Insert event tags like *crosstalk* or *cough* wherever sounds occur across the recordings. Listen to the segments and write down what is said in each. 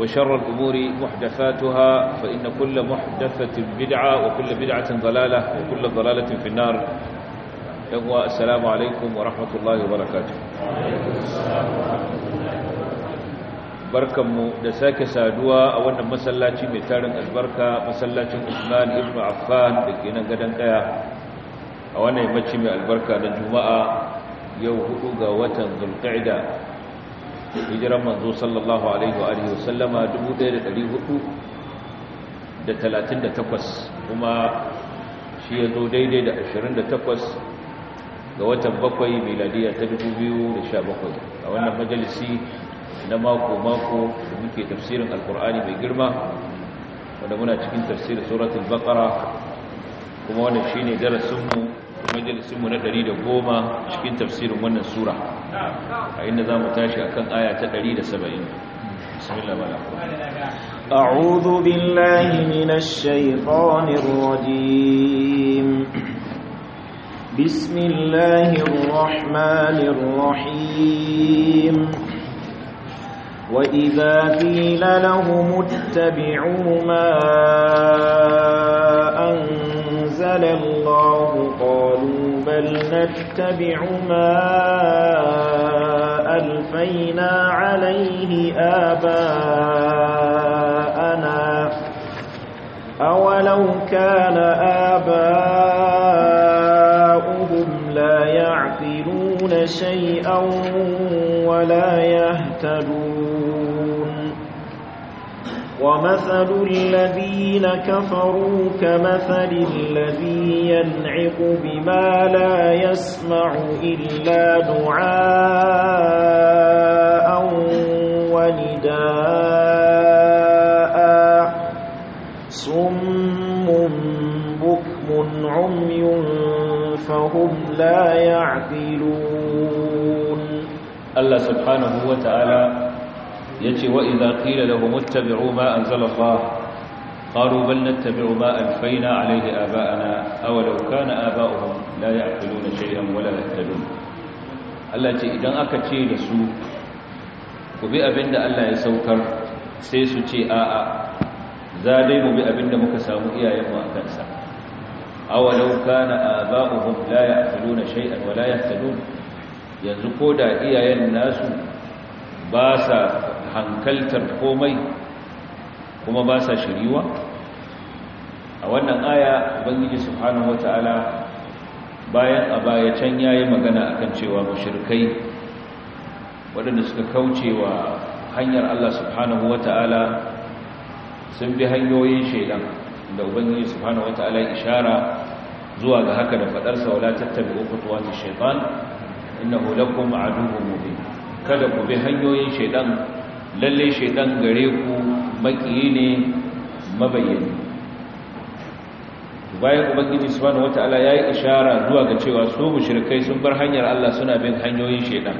وشر الأمور محدثاتها فإن كل محدثة بدعة وكل بدعة ضلالة وكل ضلالة في النار يقوى السلام عليكم ورحمة الله وبركاته barkanmu da sake saduwa a wannan masallaci mai tarin albarka masallacin Usman ibn Affan da ke nan gadan daya a wannan yammaci mai albarka na Juma'a yau hudu ga watan Zulqa'da hijiran manzo sallallahu alaihi wa alihi wasallama 1438 kuma shi ya zo daidai da 28 ga watan bakwai miladiya ta 2017 a wannan majalisi na mako-mako da muke tafsirin alkur'ani mai girma wadda muna cikin tafsirin suratul baqara kuma wannan shine darasinmu majalisinmu na 110 cikin tafsirin wannan sura a inda za mu tashi akan aya ta 170 da saba'in. a'udhu billahi minash shaitanir rajim bismillahir rahmanir rahim وَإِذَا قِيلَ لَهُمُ اتَّبِعُوا مَا أَنزَلَ اللَّهُ بل نتبع ما ألفينا عليه آباءنا أولو كان آباؤهم لا يعقلون شيئا ولا يهتدون ومثل الذين كفروا كمثل الذي ينعق بما لا يسمع إلا دعاء ونداء صم بكم عمي فهم لا يعقلون الله سبحانه وتعالى Ya ce, wa idza da lahum tabi'u ma an zala Allah qalu na tabi'u ma an alfayna alayhi aba'ana aw law kana aba'uhum la na, shay'an wa la yahtadun Allah ce idan aka ce da su ku bi abinda Allah ya saukar sai su ce a'a za dai mu bi abinda muka samu iyayenmu a kansa Awa, awalau kana aba'uhum la na, shay'an wa la yahtadun yanzu ko da iyayen nasu ba sa hankaltar komai kuma ba sa shiriwa a wannan aya ubangiji subhanahu wataala bayan a baya can yayi magana akan cewa mushrikai waɗanda suka kaucewa hanyar Allah subhanahu wataala sun bi hanyoyin shaidan da ubangiji subhanahu wataala ishara zuwa ga haka da faɗarsa wala tattabi'u khutuwatish shaitan innahu lakum aduwwun mubin kada ku bi hanyoyin shaidan lalle shaidan gare ku makiyi ne mabayyani bayan ubangiji subhanahu wataala yayi ishara zuwa ga cewa su mushrikai sun bar hanyar Allah suna bin hanyoyin shaidan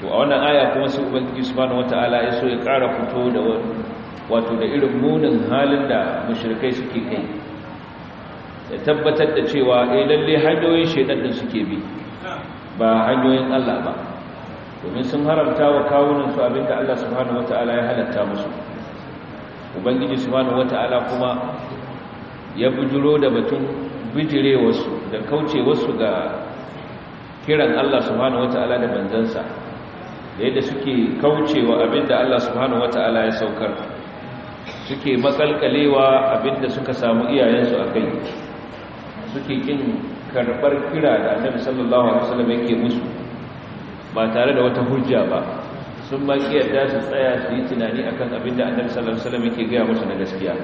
to a wannan aya kuma su ubangiji subhanahu wataala ya so ya ƙara fito da wato da irin munin halin da mushrikai suke kai ya tabbatar da cewa eh lalle hanyoyin shaidan din suke bi ba hanyoyin Allah ba domin sun haramta wa abin abinda Allah subhanahu wata'ala ya halatta musu ubangiji subhanahu wata'ala kuma ya bujuro da batun wasu da wasu ga kiran Allah subhanahu wata'ala da banzansa da yadda suke kaucewa abinda Allah subhanahu wata'ala ya saukar suke abin abinda suka samu iyayensu a kai suke kin karɓar kira da annabi sallallahu alaihi wasallam yake musu ba tare da wata hujja ba sun ba yadda su tsaya su yi tunani a kan abin da annabi sallallahu alaihi yake gaya musu na gaskiya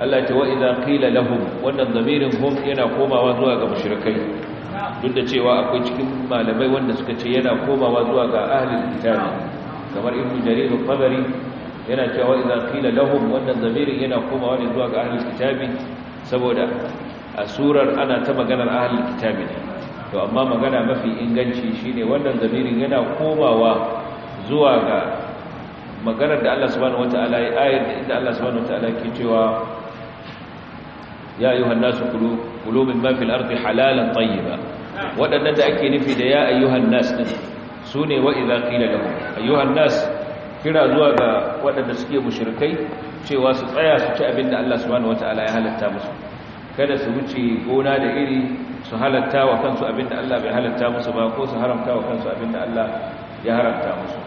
Allah ta wa idza qila lahum wannan zamirin hum yana komawa zuwa ga mushrikai duk da cewa akwai cikin malamai wanda suka ce yana komawa zuwa ga ahlul kitabi kamar ibnu jarir al-qabari yana cewa idza qila lahum wannan zamirin yana komawa ne zuwa ga ahlul kitabi saboda a surar ana ta maganar ahlul kitabi ne to amma magana mafi inganci shine wannan zamirin yana komawa zuwa ga maganar da Allah subhanahu wataala ya ayar da inda Allah subhanahu wataala ke cewa ya ayyuhan nasu kulu kulu mimma fil ardi halalan tayyiba wadannan da ake nufi da ya ayyuhan nas din sune wa idza qila lahum ayyuhan nas kira zuwa ga wadanda suke mushrikai cewa su tsaya su ci abin da Allah subhanahu wataala ya halatta musu kada su wuce gona da iri su halatta wa kansu abinda Allah bai halatta musu ba ko su haramta wa kansu abinda Allah ya haramta musu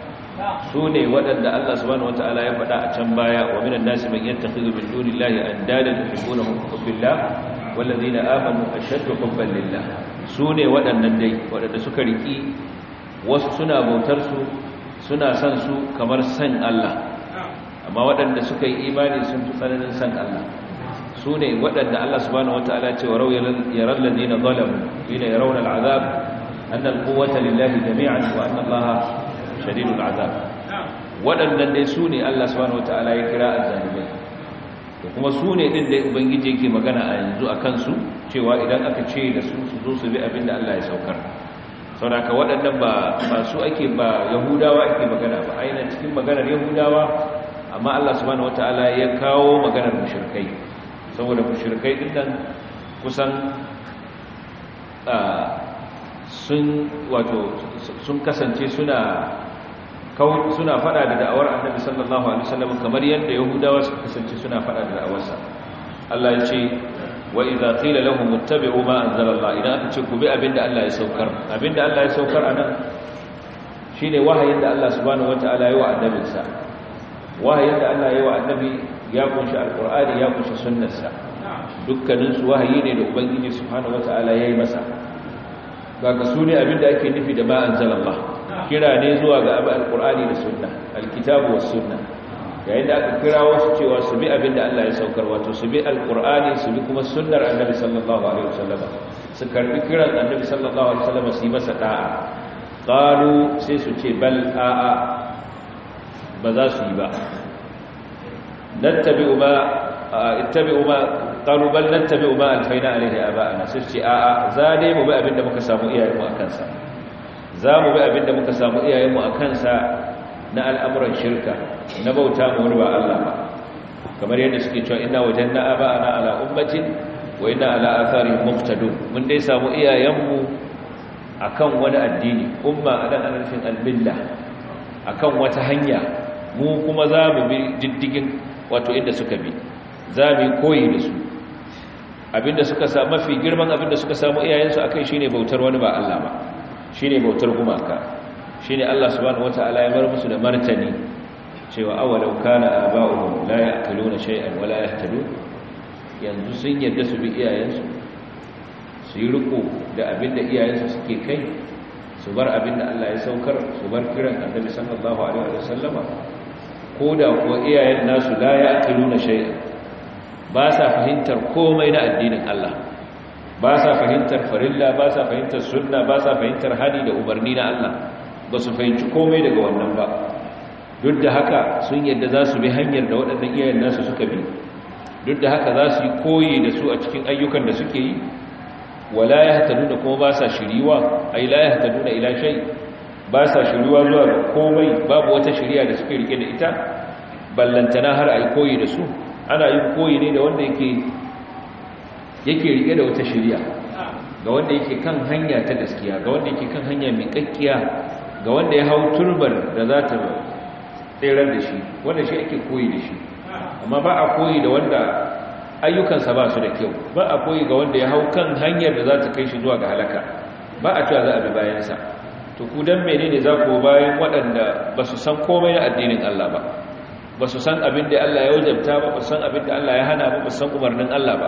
su ne waɗanda Allah subhanahu wataala ya faɗa a can baya wa minan nasi man yattakhidhu min dunillahi andadan yuhibbunahum ka hubbillah wallazina amanu ashaddu hubban lillah su ne waɗannan dai waɗanda suka riki wasu suna bautar su suna san su kamar san Allah amma waɗanda suka yi imani sun fi tsananin san Allah su ne waɗanda Allah subhanahu wataala ce wa yaral ladina zalamu ila yarawna al'azab anna al-quwwata lillahi jami'an wa anna Allaha shadidul azab waɗannan dai su ne Allah subhanahu wataala ya kira a azzalimai to kuma su ne ɗin da ubangiji yake magana a yanzu a kansu cewa idan aka ce da su su zo su bi abin da Allah ya saukar ka waɗannan ba su ake ba yahudawa ake magana ba aina cikin maganar yahudawa amma Allah subhanahu wataala ya kawo maganar mushrikai saboda mushrikai din nan kusan sun wato sun kasance suna suna fada da da'awar annabi sallallahu alaihi wasallam kamar yadda yahudawa suka kasance suna fada da da'awarsa Allah ya ce wa idza qila lahum ittabi'u ma anzalallahu idan aka ce ku bi abinda Allah ya saukar abinda Allah ya saukar anan shine wahayin da Allah subhanahu wataala ya yi wa annabinsa wahayin da Allah ya yi wa annabi ya kunshi alkur'ani ya kunshi sunnarsa dukkaninsu wahayi ne da ubangiji subhanahu wata'ala ya yi masa kaga su ne abinda ake nufi da ma anzalallah kira ne zuwa ga abin alkur'ani da sunna alkitabu wa sunna yayin da aka kira wasu cewa su bi abinda Allah ya saukar wato su bi alkur'ani su bi kuma sunnar annabi sallallahu alaihi wasallam su karbi kiran annabi sallallahu alaihi wasallam su yi masa da'a qalu sai su ce bal a'a ba za su yi ba nattabi'u ma ittabi'u ma qalu bal nattabi'u ma alfayna alayhi aba'ana sai ce a'a za dai mu bi abinda muka samu iyayenmu akan sa za mu bi abinda muka samu iyayenmu akan sa na al'amuran shirka na bauta mu wani ba Allah ba kamar yadda suke cewa inna wajanna aba'ana ala ummatin wa inna ala atharihim muqtadun mun dai samu iyayenmu akan wani addini umma adan anarfin albilla akan wata hanya mu kuma za mu bi diddigin wato inda suka bi za mu koyi da su abinda suka samu mafi girman abinda suka samu iyayensu akai shine bautar wani ba Allah ba shine bautar gumaka shine Allah subhanahu wataala ya bar musu da martani cewa awalau kana aba'uhum la ya'kuluna shay'an wa la yahtadu yanzu sun yadda su bi iyayensu su yi riko da abinda iyayensu suke kai su bar abinda Allah ya saukar su bar kiran annabi sallallahu alaihi wa sallama ko da kuwa iyayen nasu la ya nuna shay'a ba sa fahimtar komai na addinin Allah ba sa fahimtar farilla ba sa fahimtar sunna ba sa fahimtar hani da umarni na Allah ba su fahimci komai daga wannan ba duk da haka sun yadda za su bi hanyar da waɗannan iyayen nasu suka bi duk da haka za su yi koyi da su a cikin ayyukan da suke yi wala ya nuna kuma ba sa shiriwa ai la ya nuna ila shai. ba sa shiruwa zuwa ga komai babu wata shiriya da suke rike da ita ballantana har a yi koyi da su ana yin koyi ne da wanda yake yake rike da wata shiriya ga wanda yake kan hanya ta gaskiya ga wanda yake kan hanya mai kakkiya ga wanda ya hau turbar da za ta tseren da shi wanda shi ake koyi da shi amma ba a koyi da wanda ayyukansa ba su da kyau ba a koyi ga wanda ya hau kan hanyar da za ta kai shi zuwa ga halaka ba a cewa za a bi bayansa to ku dan ne za ku bayan waɗanda ba su san komai na addinin Allah ba ba su san abin da Allah ya wajabta ba ba su san abin da Allah ya hana ba ba su san umarnin Allah ba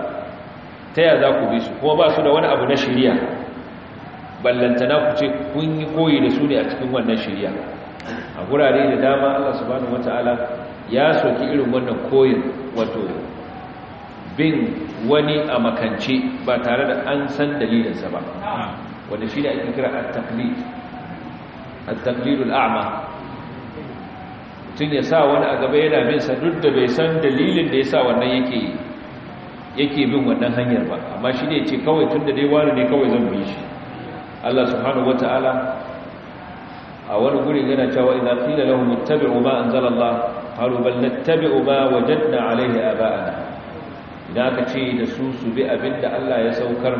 ta ya za ku bi su kuma ba su da wani abu na shirya ballantana ku ce kun yi koyi da su ne a cikin wannan shirya a gurare da dama Allah subhanahu wataala ya soki irin wannan koyin wato bin wani a makance ba tare da an san dalilinsa ba wanda shi ne ake kira at-taqlid A taqlilul a'ma tun ya sa wani a gaba yana bin sa duk da bai san dalilin da ya sa wannan yake yake bin wannan hanyar ba amma shi ne ce kawai tun da dai wani ne kawai zan bi shi Allah subhanahu wataala a wani guri yana cewa idan qila lahum ittabi'u ma anzalallah qalu bal nattabi'u ma wajadna alayhi aba'ana idan aka ce da su su bi abinda Allah ya saukar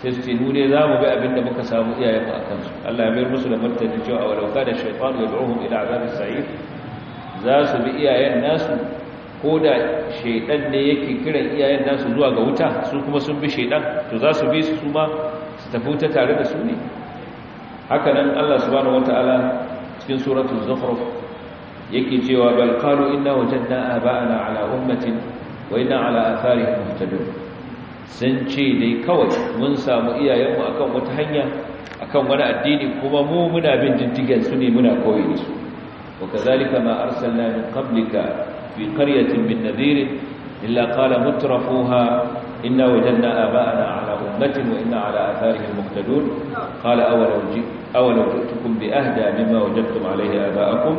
sai ne za mu bi abin da muka samu iyayen mu a kansu Allah ya mayar musu da martani cewa a lauka da shaytan ya du'uhum ila azabis sa'ir za su bi iyayen nasu ko da shaidan ne yake kiran iyayen nasu zuwa ga wuta su kuma sun bi shaidan? to za su bi su su ma su tafi wuta tare da su ne haka nan Allah subhanahu wataala cikin suratul zukhruf yake cewa bal qalu inna wajadna aba'ana ala ummatin wa inna ala atharihim muhtadun sun ce dai kawai mun samu iyayenmu akan wata hanya akan wani addini kuma mu muna bin diddigen su ne muna koyi da su wa kazalika ma arsalna min qablika fi qaryatin min nadhir illa qala mutrafuha inna wajadna aba'ana ala ummatin wa inna ala atharihim muqtadun qala awalaw awalaw ji'tukum bi ahda mimma wajadtum alayhi aba'akum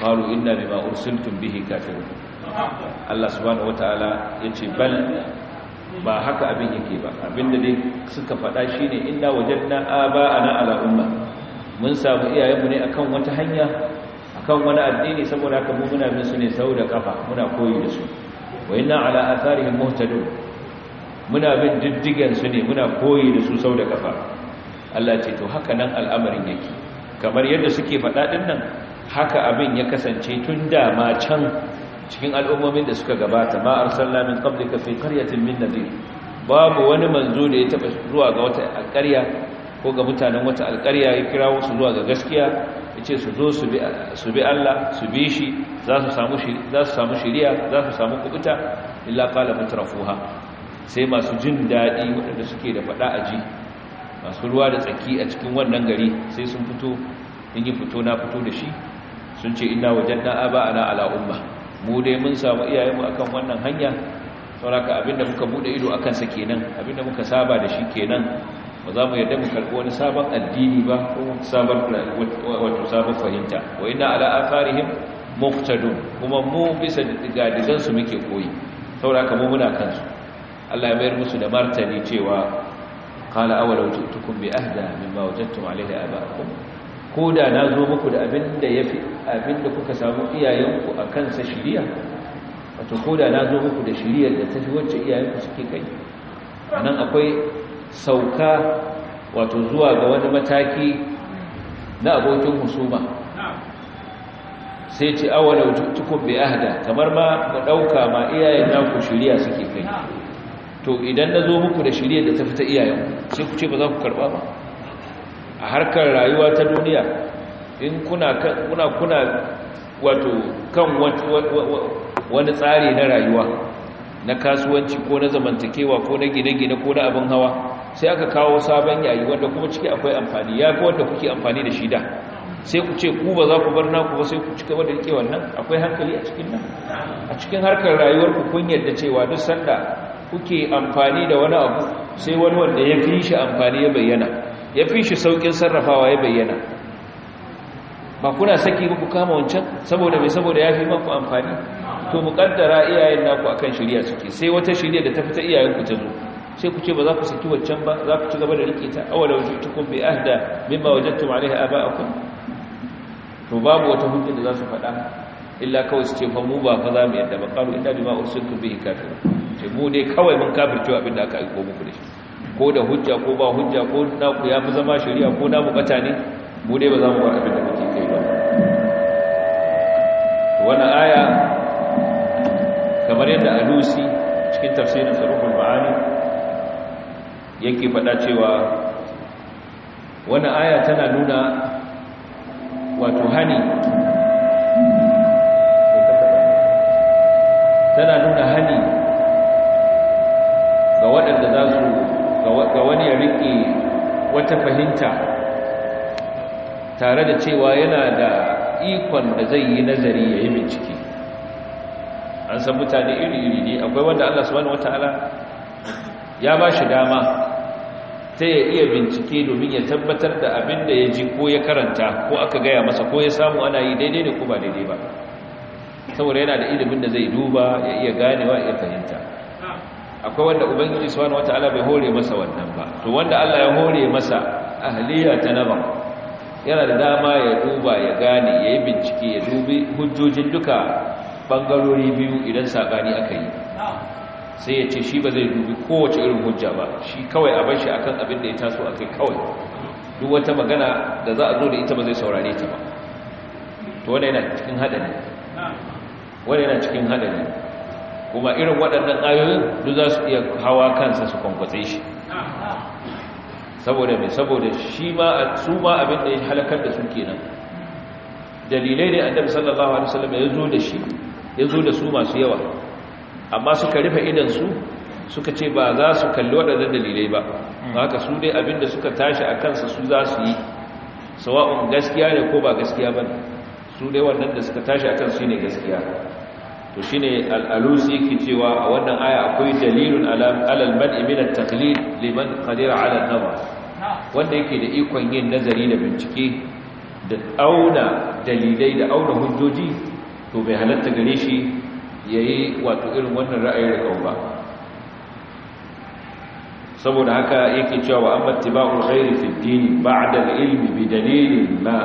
qalu inna bima ursiltum bihi kafirun Allah subhanahu wa ta'ala yace bal ba haka abin yake ba abinda dai suka faɗa shine inna wajadna a ala umma mun samu iyayenmu ne akan wata hanya akan wani addini saboda haka mu muna bin su ne sau da kafa muna koyi da su wa inna ala atharihim muhtadun muna bin diddigen su ne muna koyi da su sau da kafa Allah ce to haka nan al'amarin yake kamar yadda suke faɗa din nan haka abin ya kasance tun da ma can cikin al'ummomin da suka gabata ma arsalna min qablika fi qaryatin min nadir babu wani manzo da ya taɓa zuwa ga wata alƙarya ko ga mutanen wata alƙarya ya kira wasu zuwa ga gaskiya ya ce su zo su bi Allah su bi shi za su samu shirya shiriya za su samu kubuta illa qala mutrafuha sai masu jin daɗi waɗanda suke da faɗa a ji, masu ruwa da tsaki a cikin wannan gari sai sun fito in yi fito na fito da shi sun ce ina wajen na aba ana ala mu dai mun samu iyayenmu akan wannan hanya sauraka abinda muka bude ido akan sa kenan abinda muka saba da shi kenan ba za mu yarda mu karbi wani sabon addini ba ko sabon wato sabon fahimta wa inna ala afarihim muqtadun kuma mu bisa digadigan su muke koyi sauraka mu muna kansu Allah ya bayar musu da martani cewa qala awalau jitukum bi ahda mimma wajadtum alayhi aba'akum ko da na zo muku da abin da ya fi abin da kuka samu iyayenku a kansa shiriya wato ko da na zo muku da shiriyar da ta fi wacce iyayenku suke kai a nan akwai sauka wato zuwa ga wani mataki na abokin musuma sai ce awala tukun bai ahda kamar ma ga ɗauka ma iyayen naku shiriya suke kai to idan na zo muku da shiriyar da ta fi ta iyayenku sai ku ce ba za ku karɓa ba a harkar rayuwa ta duniya in kuna kuna kuna wato kan wani tsari na rayuwa na kasuwanci ko na zamantakewa ko na gine-gine ko na abin hawa sai aka kawo sabon yayi wanda kuma ciki akwai amfani ya fi wanda kuke amfani da shi da sai ku ce ku ba za ku bar naku ba sai ku cika da rike wannan akwai hankali a cikin nan a cikin harkar rayuwar ku kun yarda cewa duk sanda kuke amfani da wani abu sai wani wanda ya fi shi amfani ya bayyana ya fi shi saukin sarrafawa ya bayyana ba kuna saki ku kama wancan saboda mai saboda ya fi maku amfani to kaddara iyayen naku akan shirya suke sai wata shirya da ta fita iyayen ku ta zo sai ku ce ba za ku saki wancan ba za ku ci gaba da rike ta awala wajitukum bi ahda mimma wajadtum alaiha aba'akum to babu wata hujja da za su faɗa illa kawai su ce fa mu ba fa za mu yadda ba qalu inna bima ursiltu bihi kafir ce mu dai kawai mun kafirce abin da aka aiko muku da shi ko da hujja ko ba hujja ko naku ya fi zama shari'a ko na bukata ne mu dai ba za mu ba abin da muke kai ba wani aya kamar yadda alusi cikin tafsirin sarufin ba'ani yake fada cewa wani aya tana nuna wato hani tana nuna hani ga waɗanda za su ga wani ya riƙe wata fahimta tare da cewa yana da ikon da zai yi nazari ya yi bincike an san mutane iri-iri ne akwai wanda allah subhanahu wata'ala ya ba shi dama ta ya iya bincike domin ya tabbatar da abin da ya ji ko ya karanta ko aka gaya masa ko ya samu ana yi daidai da ko ba daidai ba saboda yana da ilimin da zai duba ya iya ganewa ya fahimta akwai wanda ubangiji subhanahu wataala bai hore masa wannan ba to wanda Allah ya hore masa ahliya ta naba yana da dama ya duba ya gane ya yi bincike ya dubi hujjojin duka bangarori biyu idan sakani aka yi sai ya ce shi ba zai dubi kowace irin hujja ba shi kawai a bashi akan abin da ya taso a kai kawai duk wata magana da za a zo da ita ba zai saurare ta ba to wanda yana cikin haɗari. wanda yana cikin kuma irin waɗannan ayoyin duk za su iya hawa kansa su kwankwace shi saboda mai saboda shi ma su ma abin da ya halakar da su kenan dalilai ne annabi sallallahu alaihi wasallam ya zo da shi ya zo da su masu yawa amma suka rufe idan su suka ce ba za su kalli waɗannan dalilai ba haka su dai abinda suka tashi a kansa su za su yi sawa'un gaskiya ne ko ba gaskiya ba su dai wannan da suka tashi a kansu ne gaskiya to shine al-alusi yake cewa a wannan aya akwai dalilun alal mad'i min at-taqlid liman qadira ala an wanda yake da ikon yin nazari da bincike da auna dalilai da auna hujjoji to bai halatta gare shi yayi wato irin wannan ra'ayar rikau ba saboda haka yake cewa wa amma tiba'ul ghairi fi ad ba'da al-ilmi bi dalilin ma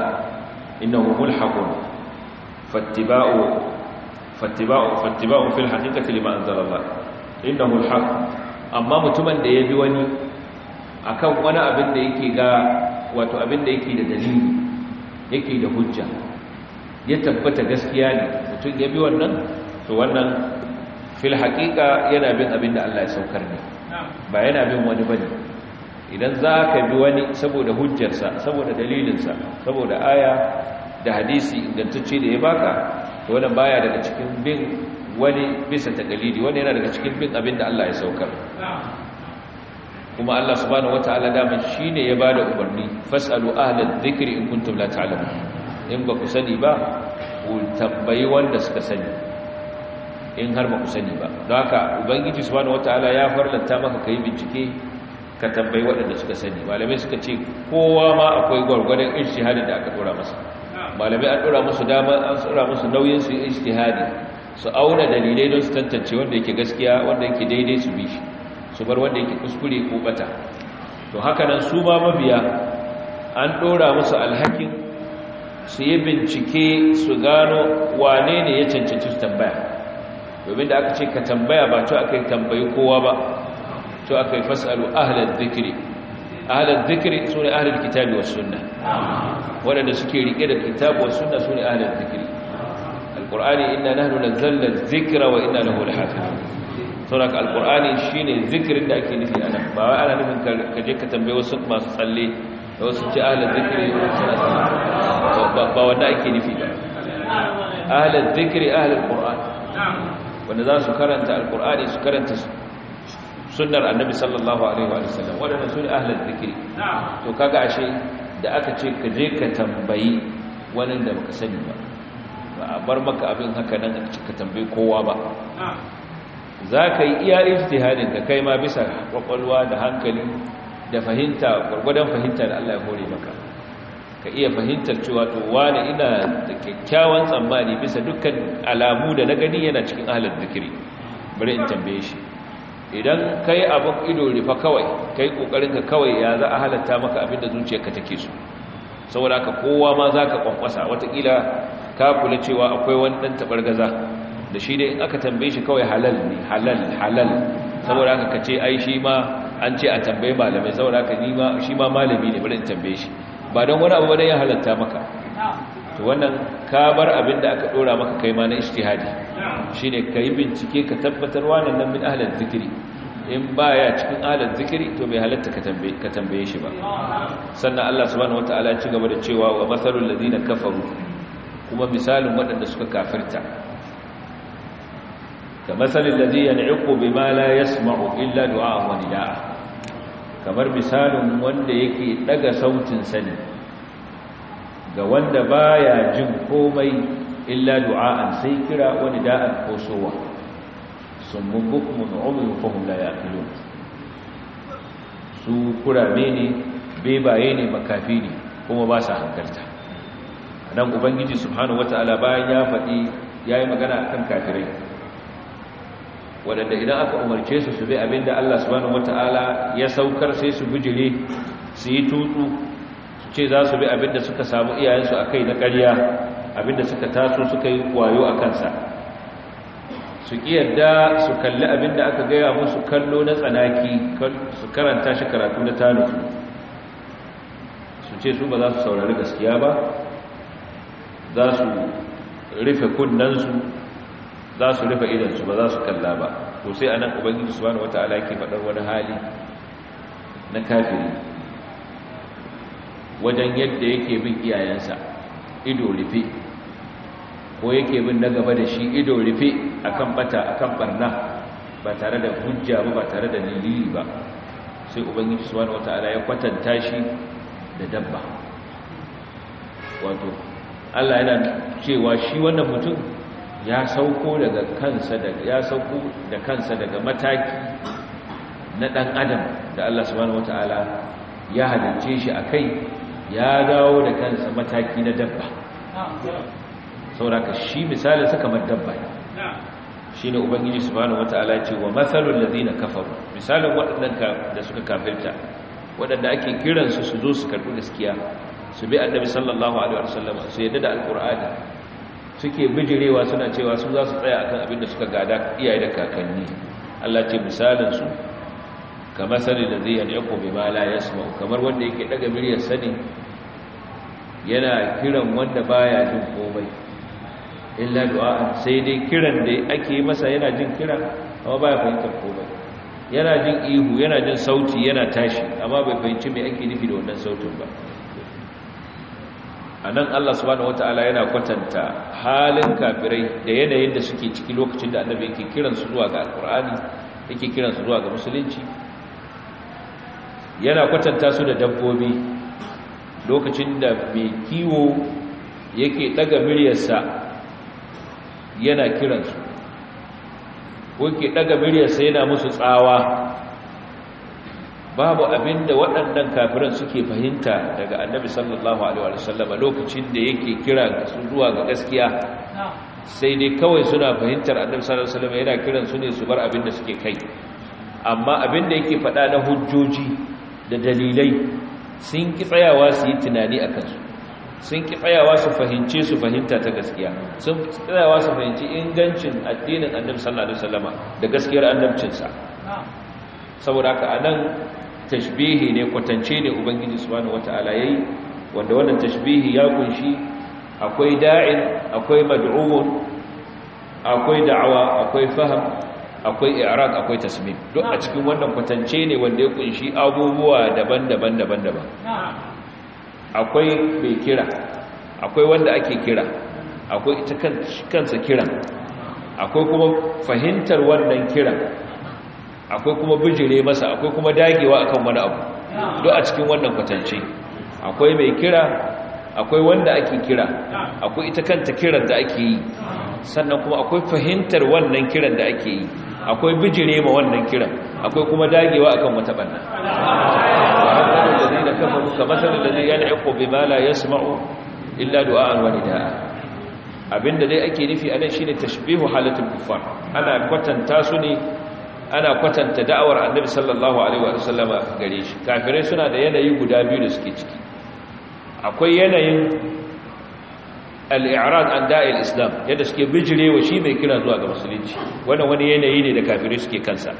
innahu mulhaqun fattiba'u fattiba'un fil ta lima anzalallah innahu alhaq amma mutumin da ya bi wani akan wani abin da yake ga wato abin da yake da dalili yake da hujja ya tabbata gaskiya ne mutum ya bi wannan to wannan fil haqiqa yana bin abin da Allah ya saukar ne ba yana bin wani bane idan za ka bi wani saboda hujjarsa saboda dalilinsa saboda aya da hadisi ingantacce da ya baka wannan baya daga cikin bin wani bisa ta dalili wannan yana daga cikin bin abin da Allah ya saukar kuma Allah subhanahu wataala daman ne ya ba da umarni fasalu ahlal dhikri in kuntum la ta'lamun in ba ku sani ba ku tambayi wanda suka sani in har ba ku sani ba don haka ubangiji subhanahu wataala ya farlanta maka ka yi bincike ka tambayi waɗanda suka sani malamai suka ce kowa ma akwai gwargwadon hadin da aka dora masa malamai an dora musu dama an tsora musu nauyin su ijtihadi su auna dalilai don su tantance wanda yake gaskiya wanda yake daidai su bi su bar wanda yake kuskure ko bata to haka nan su ma mabiya an dora musu alhakin su yi bincike su gano wane ne ya cancanci su tambaya domin da aka ce ka tambaya ba to aka tambayi kowa ba to aka yi fasalu ahlal dhikri ahalar zikiri su ne ahalar kitabi wa suna, waɗanda suke riƙe da kitabi wa suna su ne ahalar zikiri alƙur'ani ina na nahnu na zallar zikira wa ina lahu lahafi sauraka alƙur'ani shi ne zikirin da ake nufi ana ba wai ana nufin kaje ka tambaye wasu masu tsalle da wasu ce ahalar zikiri ba wanda ake nufi ba ahalar zikiri ahalar ƙur'ani wanda za su karanta alƙur'ani su karanta sunnar annabi sallallahu alaihi wa sallam wadannan sun ahlul zikri to kaga ashe da aka ce ka je ka tambayi wani da baka sani ba ba a bar maka abin haka nan ka tambayi kowa ba za ka yi iya ijtihadin ka kai ma bisa kwakwalwa da hankali da fahimta gwargwadon fahimta da Allah ya hore maka ka iya fahimtar cewa to wani ina da kyakkyawan tsammani bisa dukkan alamu da na gani yana cikin ahlul zikri bari in tambaye shi idan kai abin ido rufa kawai kai kokarin ka kawai ya za a halatta maka abin da zuciyarka take so saboda haka kowa ma za ka kwankwasa watakila ka kula cewa akwai wani taɓar gaza, da shi dai in aka tambaye shi kawai halal ne halal halal saboda haka kace ai shi ma an ce a tambaye malamai saboda haka ni ma shi ma malami ne bari in tambaye shi ba don wani abu bane ya halatta maka to wannan ka bar abin da aka dora maka kai ma na ijtihadi shine yi bincike ka tabbatar wannan nan min ahlal zikri in baya cikin ahlal zikri to bai halatta ka tambaye ka tambaye shi ba sannan Allah subhanahu wataala ya ci gaba da cewa wa masalul ladina kafaru kuma misalin waɗanda suka kafirta ka masalin ladhi yan'iqu bima la yasma'u illa du'a wa nidaa kamar misalin wanda yake daga sautin sani ga wanda baya jin komai illa du'a'an sai kira wani da'an ko sowa summun bukmun umrun da ya filo. su kurame ne bai baye ne makafi ne kuma ba sa hankalta nan ubangiji subhanahu wataala bayan ya faɗi ya yi magana kan kafirai Waɗanda idan aka umarce su su bi abinda Allah subhanahu wataala ya saukar sai su bijire su yi tutu su ce za su bi abinda suka samu iyayensu a kai na ƙarya abinda suka taso suka yi wayo a kansa su yarda su kalli abinda aka gaya musu kallo na tsanaki su karanta shi karatu na tanutu su ce su ba za su saurari gaskiya ba za su rufe kundansu za su rufe idansu ba za su kalla ba to sai anan ubangiji subhanahu wataala yake faɗar wani hali na kafiri wajen yadda yake bin iyayensa ido rufe ko yake bin na gaba da shi ido rufe akan bata akan barna ba tare da hujja ba tare da dalili ba sai ubangiji subhanahu wataala ya kwatanta shi da dabba wato Allah yana cewa shi wannan mutum ya sauko da kansa daga mataki na dan adam da Allah subhanahu wataala ya halince shi a kai. ya dawo da kansa mataki na dabba sauraka shi misalin sa kamar dabba ne shine ubangiji subhanahu wataala ce wa masalul ladina kafaru misalin waɗannan da suka kafirta waɗanda ake kiransu su zo su karɓi gaskiya su bi annabi sallallahu alaihi wasallam su yadda da alqur'ani suke bijirewa suna cewa su za su tsaya akan abin da suka gada iyaye da kakanni Allah ce misalin su kamar sani da zai yanku bi ma la yasma kamar wanda yake daga miryar sani yana kiran wanda baya jin komai illa du'a sai dai kiran da ake masa yana jin kiran amma baya fahimtar komai yana jin ihu yana jin sauti yana tashi amma bai fahimci me ake nufi da wannan sautin ba anan Allah subhanahu wataala yana kwatanta halin kafirai da yanayin da suke ciki lokacin da annabi yake kiran su zuwa ga alqur'ani yake kiran su zuwa ga musulunci yana kwatanta su da dabbobi lokacin da mai kiwo yake daga miryarsa yana kiransu ko yake daga miryarsa yana musu tsawa babu abinda waɗannan kafiran suke fahimta daga annabi sallallahu alaihi wasallam lokacin da yake kira su zuwa ga gaskiya sai dai kawai suna fahimtar annabi sallallahu alaihi wasallam yana kiran su ne su bar abinda suke kai amma abinda yake faɗa na hujjoji da dalilai sun ki tsayawa su yi tunani a kansu sun ki tsayawa su fahimce su fahimta ta gaskiya sun ki tsayawa su fahimci ingancin addinin annabi sallallahu alaihi wasallama da gaskiyar annabcinsa saboda haka anan tashbihi ne kwatance ne ubangiji subhanahu wataala yayi wanda wannan tashbihi ya kunshi akwai da'in akwai mad'uun akwai da'awa akwai faham akwai iraq akwai tasmim duk a cikin wannan kwatance ne wanda ya kunshi abubuwa daban-daban daban-daban akwai bai kira akwai wanda ake kira akwai ita kansa kiran akwai kuma fahimtar wannan kiran akwai kuma bijire masa akwai kuma dagewa akan wani abu duk a cikin wannan kwatance akwai mai kira akwai wanda ake kira akwai ita kanta kiran da ake yi sannan kuma akwai fahimtar wannan kiran da ake yi akwai bijire ma wannan kiran akwai kuma dagewa akan wata banna da zai kamathal alladhi yan'iqu bima ya yasma'u illa du'aan wa nidaa abinda dai ake nufi anan shine tashbihu halatul kuffar ana kwatanta su ne ana kwatanta da'awar annabi sallallahu alaihi wa gare shi kafirai suna da yanayi guda biyu da suke ciki akwai yanayin al'irad an da'il islam yadda suke bijirewa shi mai kira zuwa ga musulunci wani wani yanayi ne da kafirai suke kansa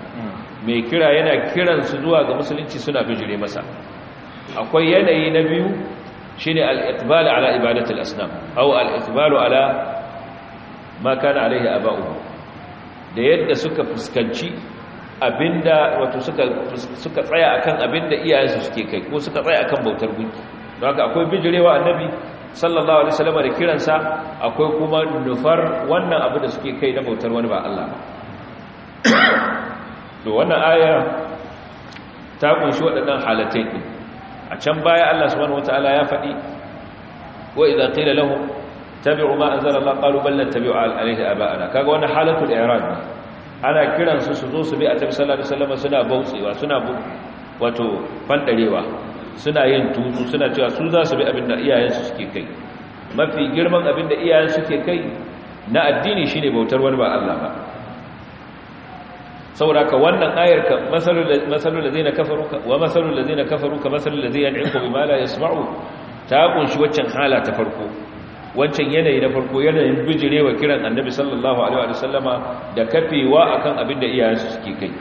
mai kira yana kiransu zuwa ga musulunci suna bijire masa akwai yanayi na biyu shi ne al'itbal ala ibadatul al'islam au al'itbalu ala makana alaihi aba'u da yadda suka fuskanci abinda wato suka tsaya akan abinda iyayensu suke kai ko suka tsaya akan bautar gunki akwai bijirewa annabi sallallahu alaihi wasallam da kiransa akwai kuma nufar wannan abu da suke kai na bautar wani ba Allah to wannan aya ta kunshi waɗannan halatai din a can baya Allah subhanahu wataala ya faɗi wa idza qila lahum tabi'u ma anzala Allah qalu bal nattabi'u alayhi aba'ana kaga wannan halatul i'rad ana kiransu su zo su bi a tabi sallallahu alaihi wasallam suna bautsewa suna wato fandarewa suna yin tutsu suna cewa su za su bi abin da iyayensu suke kai mafi girman abin da iyayensu suke kai na addini shine bautar wani ba Allah ba saboda ka wannan ayar ka masalul ladina kafaru wa masalul ladina kafaru ka masalul ladzi yan'iqu bima la yasma'u ta kunshi waccan hala ta farko wancan yanayi na farko yanayin bijirewa kiran annabi sallallahu alaihi wa sallama da kafewa akan abin da iyayensu suke kai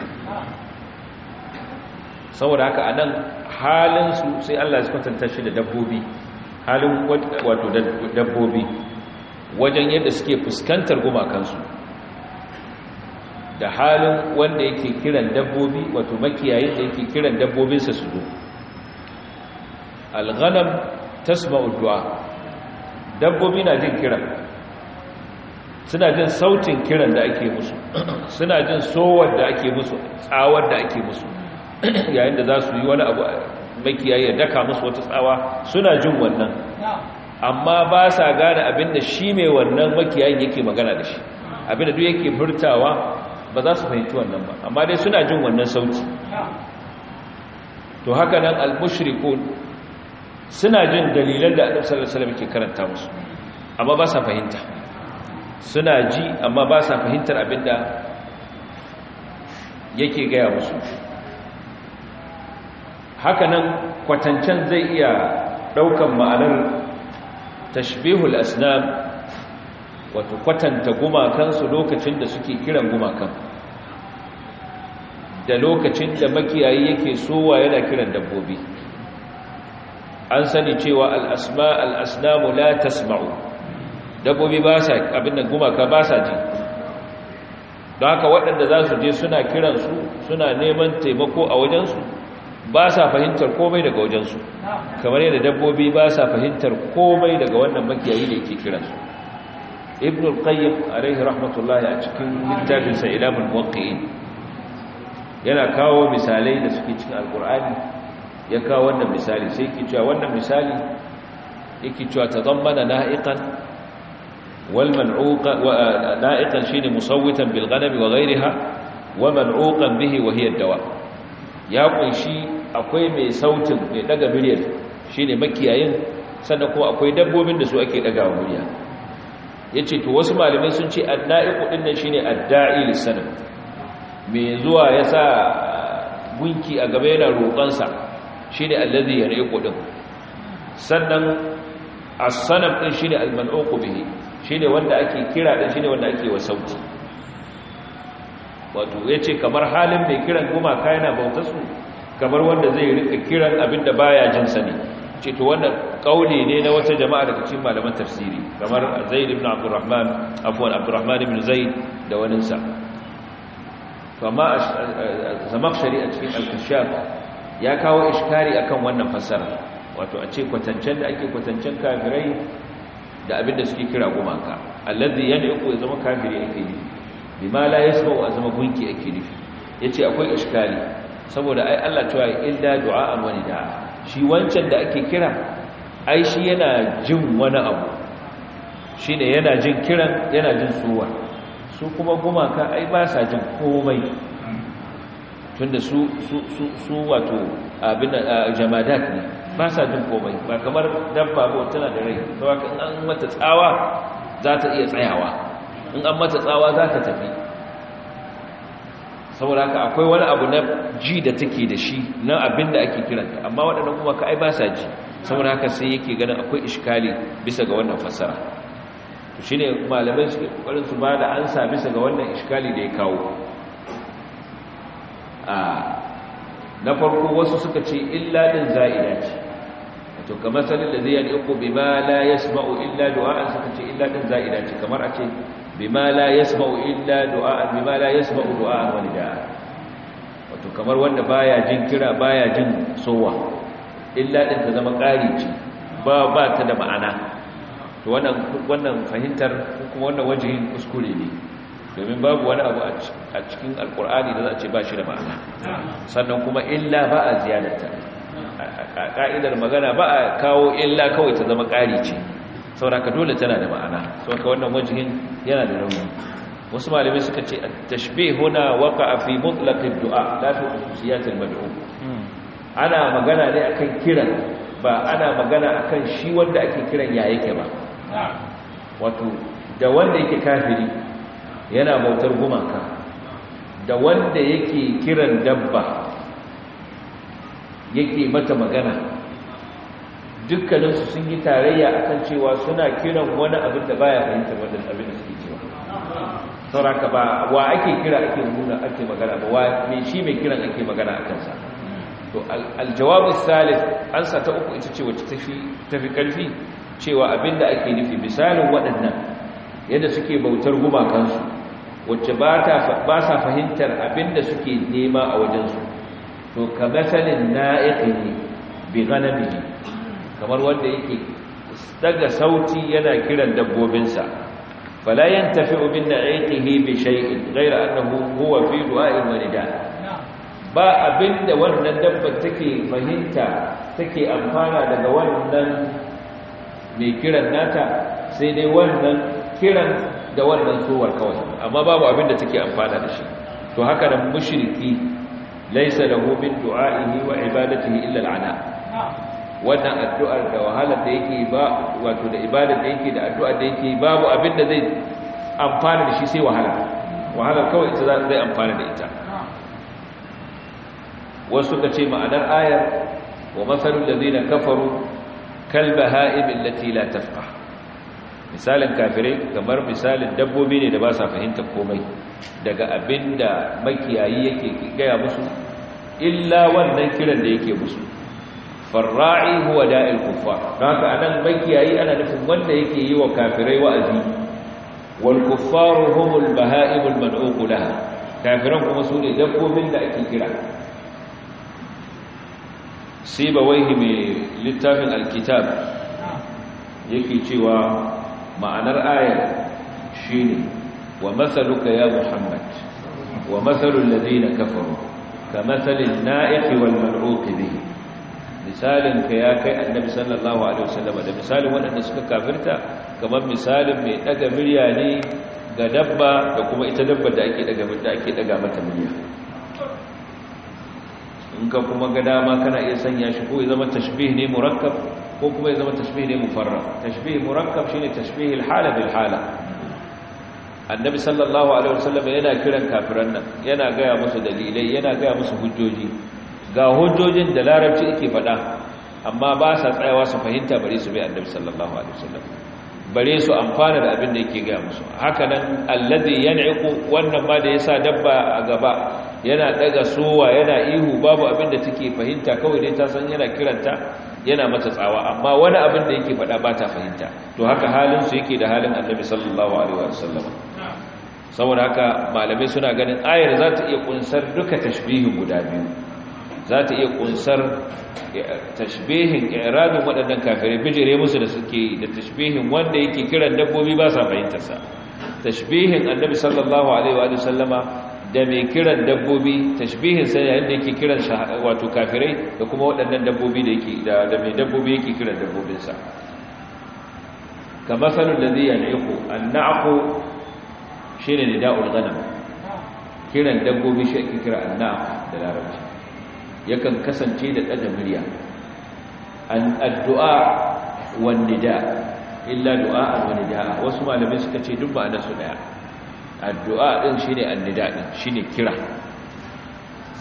saboda haka anan halinsu sai Allah ya kwatanta shi da dabbobi halin wato dabbobi wajen yadda suke fuskantar gumakansu da halin wanda yake kiran dabbobi wato makiyayin da yake kiran dabbobinsa su zo alghanam tasma'u du'a dabbobi na jin kiran suna jin sautin kiran da ake musu suna jin sowar da ake musu tsawar da ake musu *clears throat* yayin da za su yi wani abu makiyayi ya daka musu wata tsawa suna jin wannan amma ba sa gane abin da shi mai wannan makiyayin yake magana da shi abin da duk yake furtawa ba za su fahimci wannan ba amma dai suna jin wannan sauti to haka nan al-mushrikun suna jin dalilan da Annabi sallallahu alaihi wasallam ke karanta musu amma ba sa fahimta suna ji amma ba sa fahimtar abin da yake gaya musu hakanan kwatancen zai iya daukan ma'anar tashbihul asnam wato kwatanta gumakan su lokacin da suke kiran gumakan da lokacin da makiyayi yake sowa yana kiran dabbobi an sani cewa al'asma al'asnamu la tasma'u dabbobi ba sa abin da gumaka ba sa ji don haka waɗanda za su je suna kiransu suna neman taimako a wajensu ba sa fahimtar komai daga wajensu kamar yadda dabbobi ba sa fahimtar komai daga wannan makiyayi da yake kiransu ibn al-qayyim alaihi rahmatullahi a cikin littafin sa ilamul muwaqqi'in yana kawo misalai da suke cikin alqur'ani ya kawo wannan misali sai yake cewa wannan misali yake cewa tadammana na'iqan wal man'uqa wa na'iqan shine musawwitan bil ghanam wa ghayriha wa man'uqan bihi wa hiya ad-dawa' ya kunshi akwai mai sautin mai daga shi ne makiyayin sannan kuma akwai dabbobin da su ake daga Ya ce to wasu malamai sun ce adda'iqu kudin nan shine adda'i lissanin mai zuwa ya sa gunki a gaba yana shi ne allazi rai kudin sannan a sanar ɗin shi ne al-man'uqu bihi ne wanda ake kira shi ne wanda ake wa sauti wato ya ce kamar halin mai kiran gumaka yana bauta su kamar wanda zai rika kiran abin da baya jin sani ce to wannan kauli ne na wata jama'a daga cikin malaman tafsiri kamar zaid ibn abdurrahman afwan abdurrahman ibn zaid da waninsa to amma zamakhshari a cikin al-kashaf ya kawo iskari akan wannan fasara wato a ce kwatancen da ake kwatancen kafirai da abin da suke kira gumaka alladhi yanqu ya zama kafiri yake yi bima la a zama gunki ake nufi yace akwai iskali saboda ai Allah cewa illa du'a'an wani da shi wancan da ake kira ai shi yana jin wani abu shine yana jin kiran yana jin suwa su kuma gumaka ai ba sa jin komai tunda su su su, su wato abin jamadat ne ba sa jin komai ba kamar dabba ko tana da rai saboda an mata tsawa za ta iya tsayawa in an mata tsawa za ta tafi saboda haka akwai wani abu na ji da take da shi na abin da ake kiranta amma waɗannan kuma ka ai ba sa ji saboda haka sai yake ganin akwai iskali bisa ga wannan fassara to shine malamai suke kokarin su ba da ansa bisa ga wannan iskali da ya kawo a na farko wasu suka ce illa din za'ida ce to kamar sanin da zai yi ko bi ma la yasma'u illa du'a suka ce illa din za'ida ce kamar a ce بما لا يسمع الا دعاء بما لا يسمع دعاء wa nida'a wato kamar wanda baya jin kira baya jin sowa illa din ta zama ƙari ce ba ba ta da ma'ana to wannan wannan fahimtar kuma wannan wajihin kuskure ne domin babu wani abu a cikin alkur'ani da za a ce ba shi da ma'ana sannan kuma illa ba a ziyadarta a ka'idar magana ba a kawo illa kawai ta zama ƙari ce sauraka dole tana da ma'ana ka wannan wajihin yana da rauni wasu malamai suka ce tashbe huna a fi mutlakin du'a lafi a khususiyat ana magana ne akan kiran ba ana magana akan shi wanda ake kiran ya yake ba wato da wanda yake kafiri yana bautar gumaka da wanda yake kiran dabba yake mata magana dukkaninsu sun yi tarayya akan cewa suna kiran wani abin da baya fahimtar wannan abin da suke cewa sauraka ba wa ake kira ake nuna ake magana ba wa me shi mai kiran ake magana a kansa? to aljawabu salif sa ta uku ita ce wacce ta fi ƙarfi cewa abin da ake nufi misalin waɗannan yadda suke bautar gumakansu wacce ba sa fahimtar abin da suke nema a wajensu to ka matsalin na'iƙi ne bi ganami ne kamar wanda yake daga sauti yana kiran dabbobinsa fala yantafi'u min na'iqihi bi shay'in ghayra annahu huwa fi du'a'in wa ba abinda wannan dabba take fahimta take amfana daga wannan mai kiran nata sai dai wannan kiran da wannan tsuwar kawai amma babu abinda take amfana da shi to haka nan mushriki laysa lahu min du'a'ihi wa ibadatihi illa al'ana wannan addu'ar da wahalar da yake ba wato da ibadar da yake da addu'ar da yake babu abin da zai amfana da shi sai wahala wahalar kawai ita za zai amfana da ita wasu ka ce ma'anar ayar wa matsalin da zina kafaru kalba ha'imin latila tafka misalin kafirai kamar misalin dabbobi ne da ba sa fahimtar komai daga abin da makiyayi yake gaya musu illa wannan kiran da yake musu farra'i huwa da'il kuffar haka anan makiyayi ana nufin wanda yake yi wa kafirai wa'azi wal kuffaru humul baha'imul mad'uqu laha kafiran kuma su ne dabbobin da ake kira Sai ba waihi mai littafin alkitab yake cewa ma'anar ayar shine wa masaluka ya muhammad wa masalul ladina kafaru ka masalin na'iqi wal mal'uqi bihi misalin ka ya kai annabi sallallahu alaihi wasallam da misalin waɗanda suka kafirta kamar misalin mai daga murya ne ga dabba da kuma ita dabba da ake daga da ake daga mata murya in ka kuma ga dama kana iya sanya shi ko ya zama tashbih ne murakkab ko kuma ya zama tashbih ne mufarrad tashbih murakkab shine tashbih al-hala bil hala annabi sallallahu alaihi wasallam yana kiran kafiran nan yana gaya musu dalilai yana gaya musu hujjoji ga hujjojin da larabci yake faɗa amma ba sa tsayawa su fahimta bare su bi annabi sallallahu alaihi wasallam bare su amfana da abin da yake ga musu haka nan alladhi yan'iqu wannan ma da yasa dabba a gaba yana daga sowa yana ihu babu abin da take fahimta kawai dai ta san yana kiranta yana mata tsawa amma wani abin da yake faɗa ba ta fahimta to haka halin su yake da halin annabi sallallahu alaihi wasallam saboda haka malamai suna ganin ayar za ta iya kunsar duka tashbihin guda biyu za ta iya kunsar tashbihin irabin waɗannan kafirai bijire musu da suke da tashbihin wanda yake kiran dabbobi ba sa fahimtarsa tashbihin annabi sallallahu alaihi wa sallama da mai kiran dabbobi tashbihin sai yayin da yake kiran wato kafirai da kuma waɗannan dabbobi da yake da mai dabbobi yake kiran dabbobinsa kama sanin da zai yan'iku anna'ku shi ne daul ghanam kiran dabbobi shi ake kira anna'ku da larabci yakan kasance da ɗaga murya an addu'a wani da illa du'a a wani da wasu malamai suka ce duk ba su ɗaya addu'a ɗin shi ne annida ɗin shi ne kira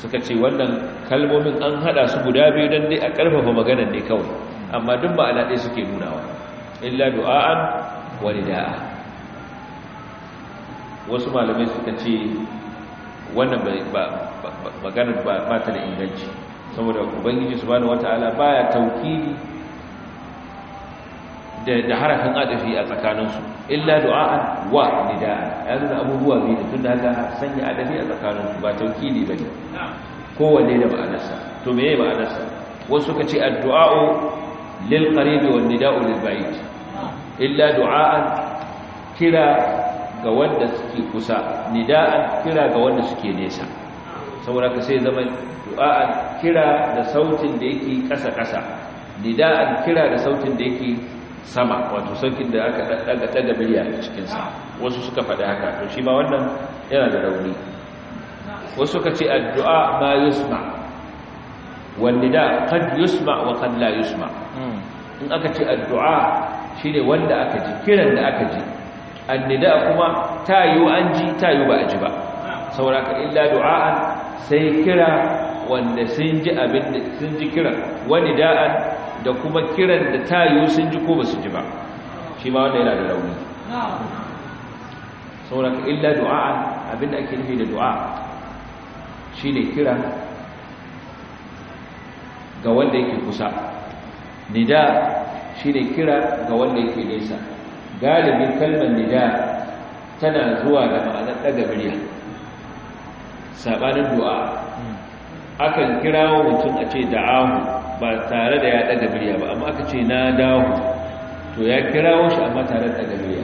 suka ce wannan kalmomin an haɗa su guda biyu don dai a ƙarfafa maganar ne kawai amma duk ba ɗaya suke nunawa illa du'a'an wani da. wasu malamai suka ce wannan ba maganar ba ta da inganci saboda ubangiji subhanahu wataala ba ya da da harafin adafi a tsakaninsu illa du'a'an wa nida'a yanzu abubuwa biyu da tun tunda haka sanya adafi a tsakaninsu ba taukili bane kowanne da ma'anarsa to meye ma'anarsa wasu ka ce addu'a'u lil qaribi wan nida'u lil ba'id illa du'a'an kira ga wanda suke kusa nida'an kira ga wanda suke nesa saboda ka sai zama an kira da sautin da yake ƙasa-ƙasa nida'an kira da sautin da yake sama wato sautin da aka daga daga murya a cikinsa wasu suka faɗi haka to shi ma wannan yana da rauni wasu suka ce addu'a ma yusma wal da kad yusma wa kad la yusma in aka ce addu'a shine wanda aka ji kiran da aka ji annida kuma ta yi an ji ta yi ba a ji ba sauraka illa du'a'an sai kira wanda sun ji abin da sun ji kiran wani da'an da kuma kiran da ta yi sun ji ko ba su ji ba shi ma wanda yana da rauni sauraka illa du'a abin da ake nufi da du'a shi ne kira ga wanda yake kusa nida shi ne kira ga wanda yake nesa galibin kalmar nida tana zuwa da ma'anar ɗaga murya sabanin du'a akan kirawo mutum a ce da'ahu ba tare da ya daga birya ba amma aka ce na dahu to ya kirawo shi amma tare da daga birya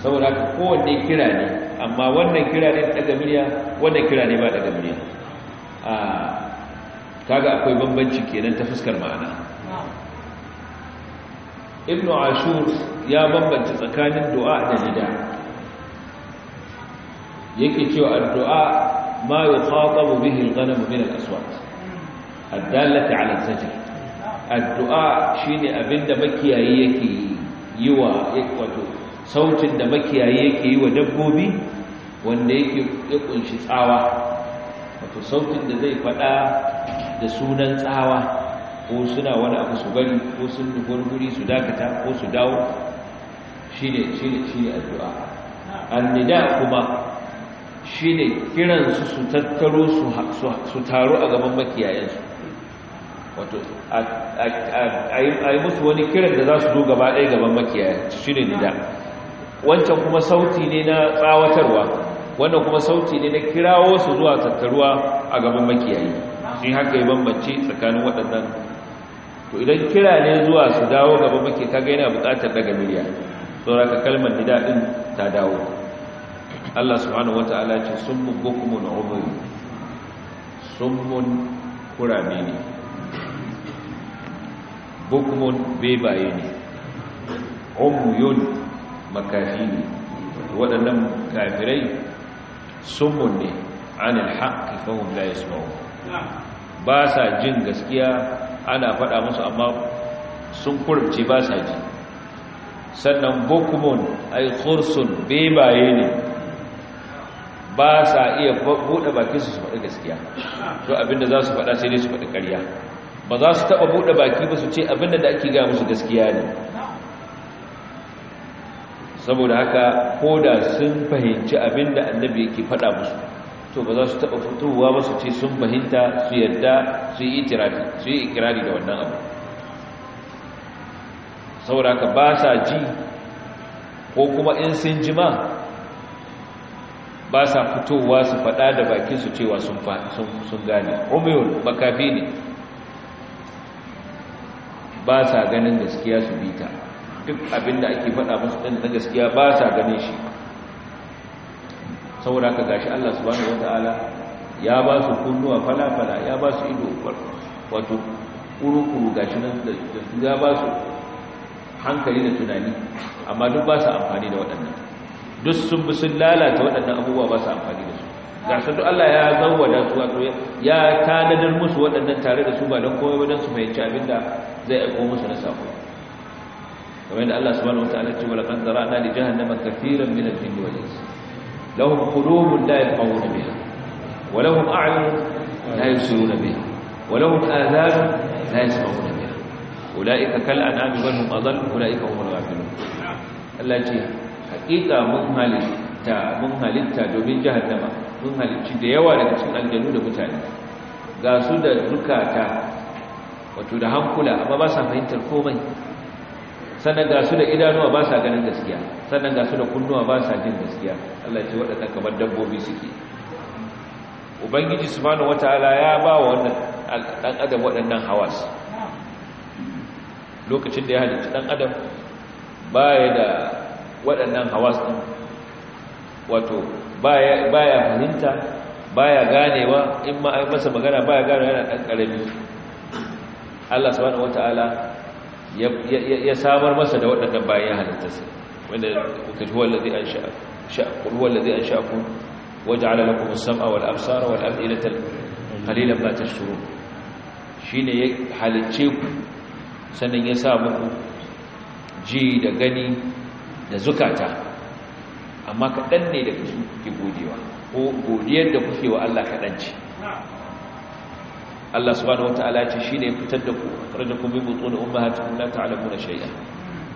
saboda haka kowanne kira ne amma wannan kira ne daga birya wannan kira ne ba daga birya a kaga akwai bambanci kenan ta fuskar ma'ana ibnu ashur ya bambanta tsakanin du'a da nida yake cewa addu'a ما يخاطب به الغنم من الأصوات الدالة على الزجر الدعاء شين أبن دمكي أيكي يوى يكوتو صوت دمكي أيكي يوى دبوبي wanda yake ya ƙunshi tsawa wato sautin da zai faɗa da sunan tsawa ko suna wani abu su bari ko sun nufi guri su dakata ko su dawo shine shine shine addu'a annida kuma ne kiransu su tattaro su taru a gaban makiyayensu wato a yi musu wani kiran da za su zo gaba ɗaya gaban makiyayensu ne nida wancan kuma sauti ne na tsawatarwa wannan kuma sauti ne na kirawo su zuwa tattaruwa a gaban makiyayi shi haka yi bambance tsakanin waɗannan to idan kira ne zuwa su dawo gaban makiyayi kaga yana buƙatar daga miliya saboda kalmar nida ɗin ta dawo Allah subhanahu wata'ala ce summun bukumun umri summun kurame ne bukumun bebaye ne umyun makafi ne waɗannan kafirai summun ne an alhaƙi fahim ya yasma'u ba sa jin gaskiya ana faɗa musu amma sun kurce ba sa ji sannan bukumun ai kursun bebaye ne ba sa iya buɗe bakin su faɗi gaskiya to abinda za su faɗa sai dai su faɗi ƙarya ba za su taɓa buɗe baki ba su ce abinda da ake gaya musu gaskiya ne saboda haka ko da sun fahimci abinda annabi yake faɗa musu to ba za su taɓa fitowa ba su ce sun fahimta su yarda su yi itirafi su yi ikirari da wannan abu saboda haka ba sa ji ko kuma in sun jima ba sa fitowa su faɗa da su cewa sun gane umiyun makafi ne ba sa ganin gaskiya su bita duk abinda ake faɗa musu ɗin na gaskiya ba sa ganin shi saboda ka gashi Allah subhanahu wata'ala ya ba su kunnuwa falafala ya ba su ido wato kuru-kuru gashi nan da ya ba su hankali da tunani amma duk ba su amfani da waɗannan duk sun bi sun lalata waɗannan abubuwa ba su amfani da su Gasar sadu Allah ya zawwada su wato ya tanadar musu waɗannan tare da su ba don komai wajen su fahimci abin da zai aiko musu na sako kamar yadda Allah subhanahu wataala ta'ala ce wala qad zara'na li jahannama kathiran min al-jinni wal ins lahum qulubun la yafqahuna biha wa lahum a'yunun la yubsiruna biha wa lahum adhanun la yasma'una biha ulaika kal an'ami bal hum adall ulaika humul ghafilun Allah ya ce hakika mun halitta mun halitta domin jahannama mun halicci da yawa daga cikin aljanu da mutane ga su da zukata wato da hankula amma ba sa fahimtar komai sannan ga su da idanuwa ba sa ganin gaskiya sannan ga su da kunnuwa ba sa jin gaskiya Allah ya ce waɗannan kamar dabbobi suke ubangiji subhanahu wataala ya ba wa wannan dan adam waɗannan hawas lokacin da ya halitta dan adam baya da waɗannan hawas ɗin wato baya fahimta baya ganewa in ma masa magana baya ganewa yana ɗan ƙarami Allah subhanahu wata'ala ya samar masa da waɗannan bayan halittarsa wanda kuka ji wallazi an sha'akun wallazi an sha'akun waja'ala lakum as-sam'a wal absara wal af'idata qalilan ma tashkurun shine ya halicce ku sannan ya sa muku ji da gani da zukata amma kaɗan ne daga su ke godewa ko godiyar da kuke wa Allah kaɗan ce Allah subhanahu wata'ala ce shi ne fitar da ku rajakun min butun ummahatikum la ta'lamuna shay'a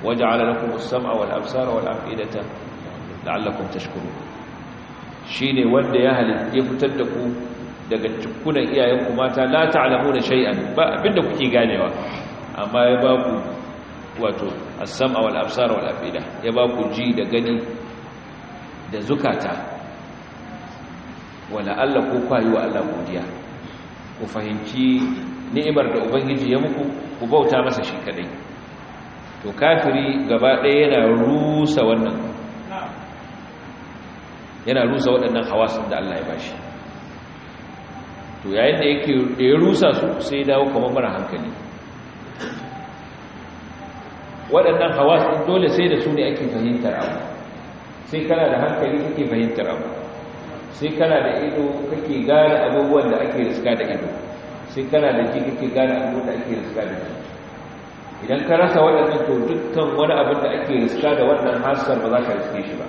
waja'ala lakum kuma sama wa wal absara wal af'idata la'allakum Shi ne wanda ya halin ya fitar da ku daga cikunan iyayenku mata la ta'lamuna shay'an ba abinda kuke ganewa amma ya ba ku wato asam sama wal absara wal afida ya ba ku ji da gani da zukata wala Allah ko kwayi wa Allah godiya ku fahimci ni'imar da ubangiji ya muku ku bauta masa shi kadai to kafiri gaba ɗaya yana rusa wannan yana rusa waɗannan hawasin da Allah ya bashi to yayin da yake ya rusa su sai dawo kamar mara hankali waɗannan hawas ɗin dole sai da su ne ake fahimtar abu sai kana da hankali kake fahimtar abu sai kana da ido kake gane abubuwan da ake riska da ido sai kana da ji kake gane abubuwan da ake riska da ji idan ka rasa waɗannan to dukkan wani abin da ake riska da wannan hasar ba za ka riske shi ba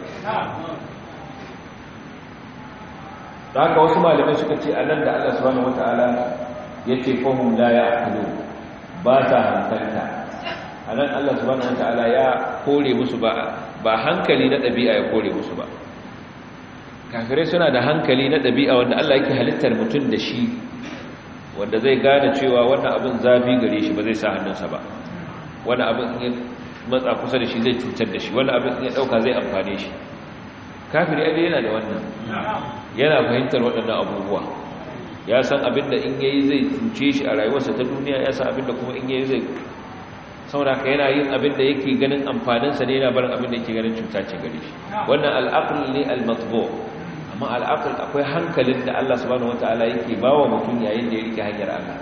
da haka wasu malamai suka ce a nan da allah subhanahu wata'ala ya ce fahim la ya ba ta hankalta a nan allah subhanahu wa ta'ala ya kore musu ba ba hankali na ɗabi'a ya kore musu ba kafirai suna da hankali na ɗabi'a wanda allah yake halittar mutum da shi wanda zai gane cewa wannan abin zafi gare shi ba zai sa hannunsa ba wani abin ya matsa kusa da shi zai cutar da shi wani abin ya ɗauka zai amfane shi kafiri abin yana da wannan yana fahimtar waɗannan abubuwa ya san abin da in yayi zai cuce shi a rayuwarsa ta duniya ya san abin da kuma in yayi zai saboda ka yana yin abin da yake ganin amfaninsa ne yana barin abin da yake ganin cuta ce gare shi wannan al'aql ne al-matbu amma al'aql akwai hankalin da Allah subhanahu wataala yake bawa mutum yayin da ya rike hanyar Allah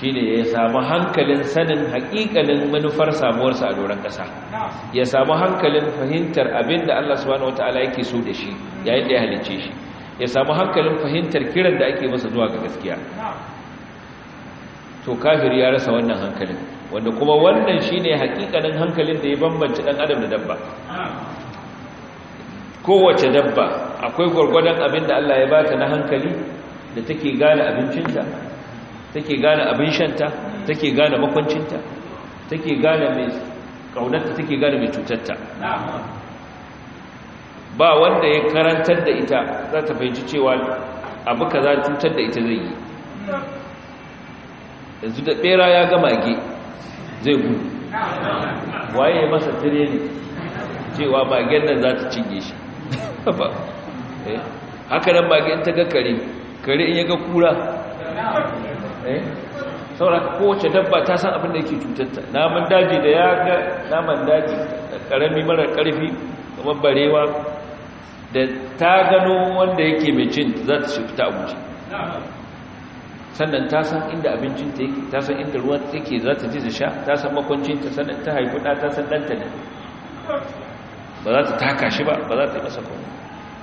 Shi ne ya samu hankalin sanin haƙiƙanin manufar samuwarsa a doron ƙasa ya samu hankalin fahimtar abin da Allah subhanahu wataala yake so da shi yayin da ya halicce shi ya samu hankalin fahimtar kiran da ake masa zuwa ga gaskiya to kafiri ya rasa wannan hankalin wanda kuma wannan shine hakikanin hankalin da ya bambanci dan adam da dabba kowace dabba akwai gwargwadon abin da Allah ya bata na hankali da take gane abincinta take gane abin shanta take gane makwancinta take gane mai kaunarta take gane mai cutarta ba wanda ya karantar da ita za ta fahimci cewa abu kaza cutar da ita zai yi yanzu da ɓera ya gama ge zai gudu waye masa tireni cewa magen nan za ta cinye shi *laughs* eh, haka nan magen ta ga kare kare in ya ga kura eh, sauraka kowace dabba ta san abin da yake cutarta Namun daji da ya ga naman daji da karami mara karfi kamar barewa da ta gano wanda yake mai cin za ta shi fita abuji sannan ta san inda abincinta yake ta san inda ruwan take za ta ji da sha ta san makwancinta sannan ta haifi ɗa ta san ɗanta ne ba za ta taka shi ba ba za ta yi masa kuma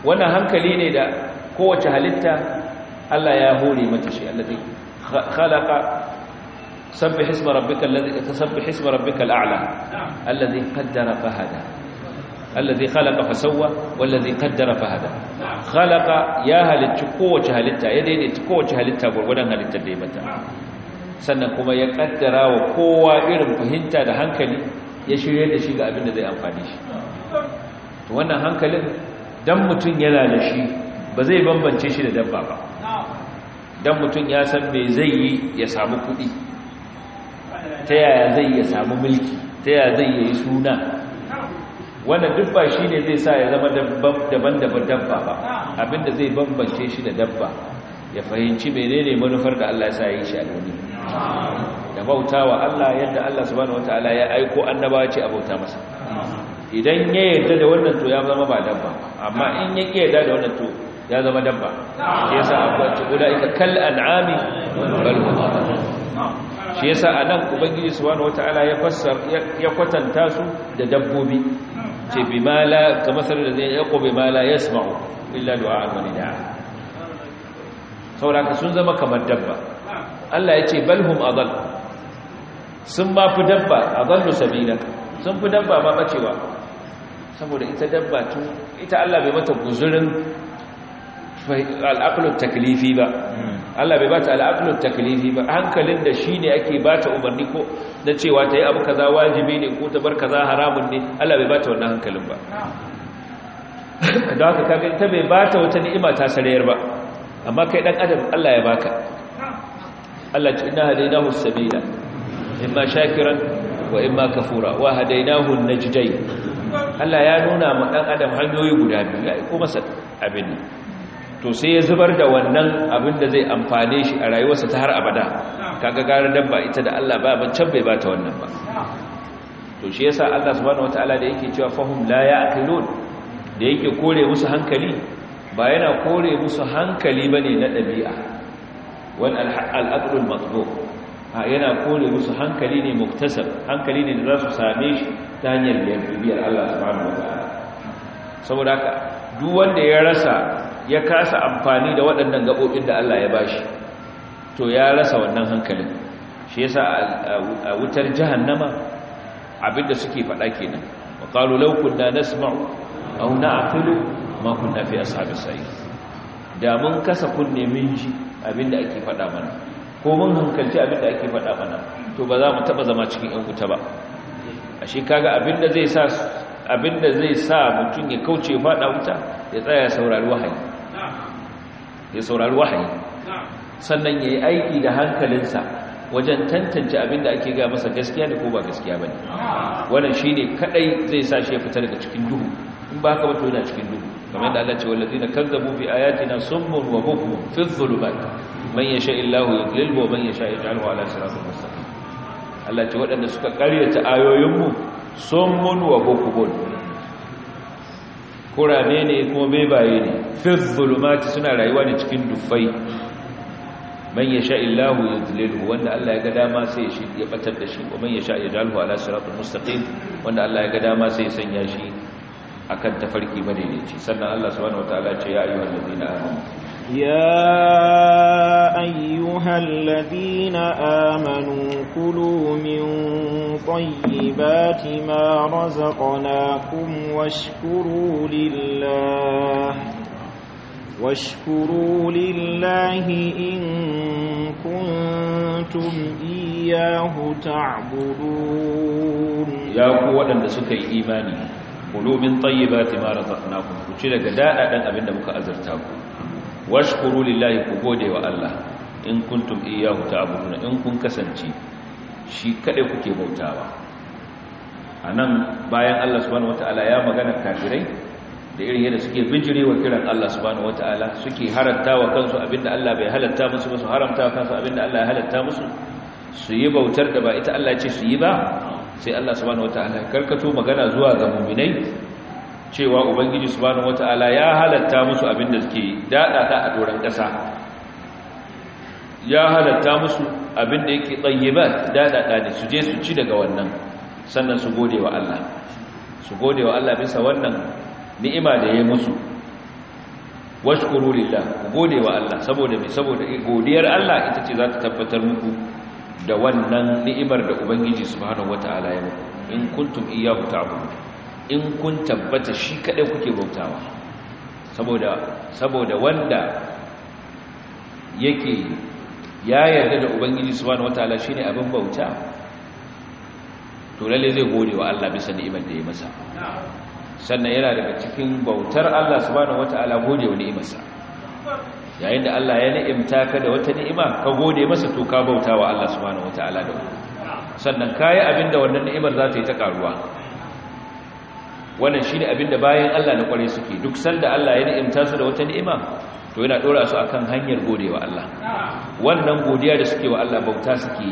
wannan hankali ne da kowace halitta Allah ya hore mata shi Allah zai khalaqa sabbih isma rabbika alladhi tasabbih isma rabbika al'ala alladhi qaddara fahada allazi fasawa fasawwa zai qaddara fahada khalaqa ya halitta kowace halitta ya daidaita kowace halitta gurgurdan halittar da ya mata sannan kuma ya kaddara wa kowa irin fahimta da hankali ya shirye da shi ga abin da zai amfani shi to wannan hankalin dan mutum yana da shi ba zai bambance shi da dabba ba dan mutum ya san me zai yi ya samu kuɗi ta yaya zai ya samu mulki ta yaya zai yi suna wannan duk ba shi ne zai sa ya zama daban-daban dabba ba abinda zai bambance shi da dabba ya fahimci menene manufar da Allah ya sa yi shi a duniya da bautawa Allah yadda Allah subhanahu wataala ya aiko annabawa ce a bauta masa idan ya yarda da wannan to ya zama ba dabba amma in ya yarda da wannan to ya zama dabba shi yasa akwai ulaika kal an'ami bal shi yasa anan ubangiji subhanahu wataala ya fassara ya kwatanta su da dabbobi ce bimala ka masarar da zai yako bimala ya sma'u illa du'a wani da'a sauraka sun zama kamar dabba Allah ya ce balhum adal sun ma fi dabba adallu sabila sun fi dabba ba bacewa saboda ita dabba tun ita Allah bai mata guzurin al'akulun taklifi ba hmm. Allah bai bata al'aqlu taklifi ba hankalin da shine ake bata umarni ko na cewa ta yi abu kaza wajibi ne ko ta bar kaza haramun ne Allah bai bata wannan hankalin ba don kaga ta bai bata wata ni'ima ta sarayar ba amma kai dan adam Allah ya baka Allah ce inna hadaynahu sabila imma shakiran wa imma kafura wa hadaynahu najdayn Allah ya nuna ma dan adam hanyoyi guda biyu ya ko masa abin nan to sai ya zubar da wannan abin da zai amfane shi a rayuwarsa ta har abada kaga garin dabba ita da Allah ba ban can bai bata wannan ba to shi yasa Allah subhanahu wataala da yake cewa fahum la ya'qilun da yake kore musu hankali ba yana kore musu hankali bane na dabi'a wan al-aqlul matbu ha yana kore musu hankali ne muktasab hankali ne da za su same shi ta hanyar biyar Allah subhanahu wataala saboda haka duk wanda ya rasa ya kasa amfani da waɗannan gaɓoɓin da Allah ya bashi to ya rasa wannan hankalin shi yasa a wutar jahannama abinda suke faɗa kenan wa qalu law kunna nasma'u aw na'qilu makon na fi a sami sai da mun kasa kunne min ji abinda ake faɗa mana ko mun hankalci abinda ake faɗa mana to ba za mu taba zama cikin yan wuta ba shi kaga abinda zai sa abinda zai sa mutum ya kauce faɗa wuta ya tsaya saurari wahayi ya saurari wahayi sannan ya yi aiki da hankalinsa wajen tantance abin da ake ga masa gaskiya da ko ba gaskiya ba ne wannan shi ne kaɗai zai sa shi ya fita daga cikin duhu in ba ka wato yana cikin duhu kamar da Allah ce wallazi na kazzabu bi na summun wa bukmun fi dhulumat man yasha illahu yudlilhu wa man yasha yaj'alhu ala siratin mustaqim Allah ce waɗanda suka ƙaryata ayoyinmu summun wa bukmun kurame ne ko bebaye ne fi zulumati suna rayuwa ne cikin dufai man yasha illahu yudlilhu wanda Allah ya ga dama sai shi ya batar da shi man yasha yajalhu ala siratal mustaqim wanda Allah ya ga dama sai ya sanya shi akan tafarki madaidaici sannan Allah subhanahu wataala ce ya ayyuhal ladina amanu ya ayyuhal ladina amanu kulu min طيبات ما رزقناكم واشكروا لله واشكروا لله إن كنتم إياه تعبدون يا قوة أن سكي إيماني قلوا من طيبات ما رزقناكم وشلك داء أن أبن مك أزرتاكم واشكروا لله كبودي وألّه in kuntum iyyahu ta'buduna in kun kasance shi kaɗai kuke bautawa a nan bayan Allah subhanahu wata'ala ya magana kafirai da irin yadda suke bijire wa kiran Allah subhanahu wata'ala suke haranta wa kansu abinda Allah bai halatta musu ba su haramta wa kansu abinda Allah ya halatta musu su yi bautar da ba ita Allah ce su yi ba sai Allah subhanahu wataala karkato magana zuwa ga mu'minai cewa ubangiji subhanahu wataala ya halatta musu abin da suke dada a doron ƙasa. ya halatta musu abin da yake tsayyiba dadada da su je su ci daga wannan sannan su gode wa Allah su gode wa Allah bisa wannan ni'ima da ya musu washkuru lillah gode wa Allah saboda me saboda godiyar Allah ita ce za ta tabbatar muku da wannan ni'imar da ubangiji subhanahu wataala ya muku in kuntum iyyahu ta'budun in kun tabbata shi kadai kuke bautawa saboda saboda wanda yake ya yarda da ubangiji subhanahu wataala shine abin bauta to lalle zai gode wa Allah bisa ni'imar da ya masa sannan yana daga cikin bautar Allah subhanahu wataala gode wa ni'imarsa yayin da Allah ya ni'imta ka da wata ni'ima ka gode masa to ka bauta wa Allah subhanahu wataala da sannan kai abinda wannan ni'imar za ta yi ta karuwa wannan shine abinda bayan Allah na kware suke duk sanda Allah ya ni'imta su da wata ni'ima to yana dora su akan hanyar godewa Allah wannan godiya da suke wa Allah bauta suke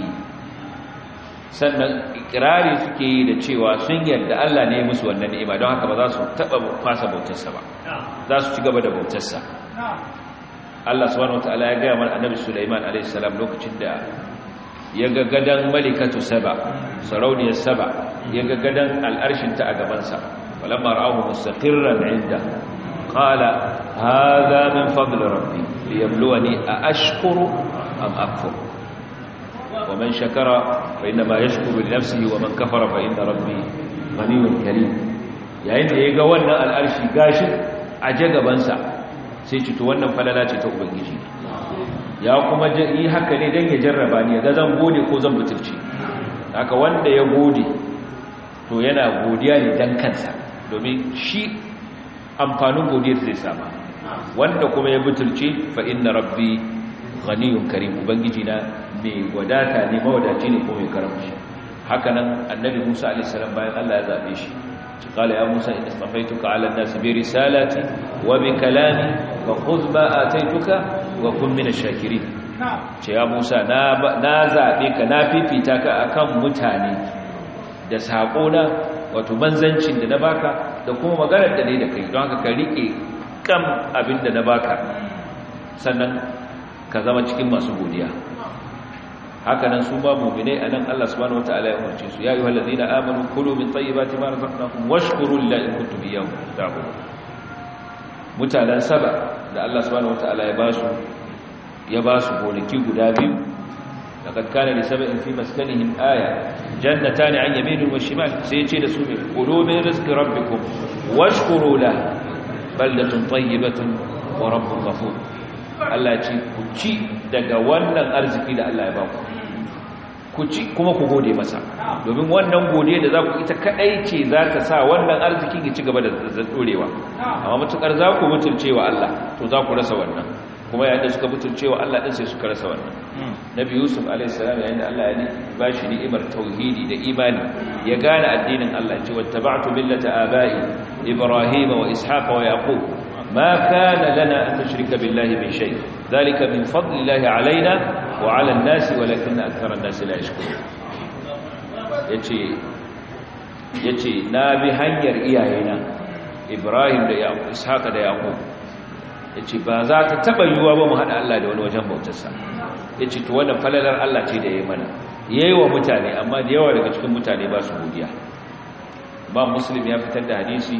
sannan ikirari suke yi da cewa sun yarda Allah ne musu wannan ni'ima don haka ba za su taba fasa bautarsa ba za su ci gaba da bautarsa Allah subhanahu wataala ya ga mana annabi Sulaiman alaihi salam lokacin da ya ga gadan malikatu saba sarauniya saba ya ga gadan al'arshin ta a gaban sa walamma ra'ahu mustaqirran inda qala hadha min fadli rabbi liyabluwani a ashkuru am akfur wa man shakara fa inma yashkuru li nafsihi wa man kafara fa inna rabbi ghaniyyun karim yayin da yaga wannan al'arshi gashi a gaban sa sai ci to wannan falala ce ta ubangiji ya kuma yi haka ne don ya jarraba ne ga zan gode ko zan butulci haka wanda ya gode to yana godiya ne dankansa kansa domin shi amfanin godiyar zai sama wanda kuma ya butulce fa inna rabbi ghaniyun karim ubangiji na mai wadata ne mawadaci ne ko mai karamci haka nan annabi Musa alaihi salam bayan Allah ya zabe shi ci kala ya Musa in istafaituka ala an-nas bi risalati wa bi kalami wa khudh ma ataituka wa kun min ash-shakirin ce ya Musa na zaɓe zabe ka na fifita ka akan mutane da sako na wato manzancin da na baka da kuma maganar da ne da kai don haka ka rike kan abin da na baka sannan ka zama cikin masu godiya haka nan su ba mu'minai nan Allah subhanahu wataala ya umarce su ya ayyuhal na amanu kulu min tayyibati ma razaqnakum washkuru lillahi in kuntum iyyahu ta'budun mutanen saba da Allah subhanahu wataala ya ba su ya ba su gonaki guda biyu لقد كان li في مسكنهم آية aya jannatan an yamin da su bi qulubi rizqi rabbikum washkuru la baldatun tayyibatun Allah ce ku ci daga wannan arziki da Allah ya ba ku ci kuma ku gode masa domin wannan gode da za ku ita kadai ce za ta sa wannan arzikin ya ci gaba da dorewa amma matukar za ku mutuncewa Allah to za ku rasa wannan kuma yayin da suka mutuncewa Allah din sai suka rasa wannan hmm. nabi yusuf alaihi salam yayin da Allah ya ba shi ni'imar tauhidi da imani ya gane addinin Allah ce wattaba'tu millata aba'i ibrahim wa ishaqa wa yaqub ma kana lana an tushrika billahi min shay dhalika min fadlillahi alaina wa 'ala an-nasi walakinna akthara an-nasi la yashkurun yace yace na bi hanyar iyayena ibrahim da yaqub da yaqub ya ce ba za ta taɓa yiwuwa ba mu haɗa Allah da wani wajen bautarsa ya ce to wannan falalar Allah ce da ya yi mana ya yi wa mutane amma da yawa daga cikin mutane ba su godiya ba muslim ya fitar da hadisi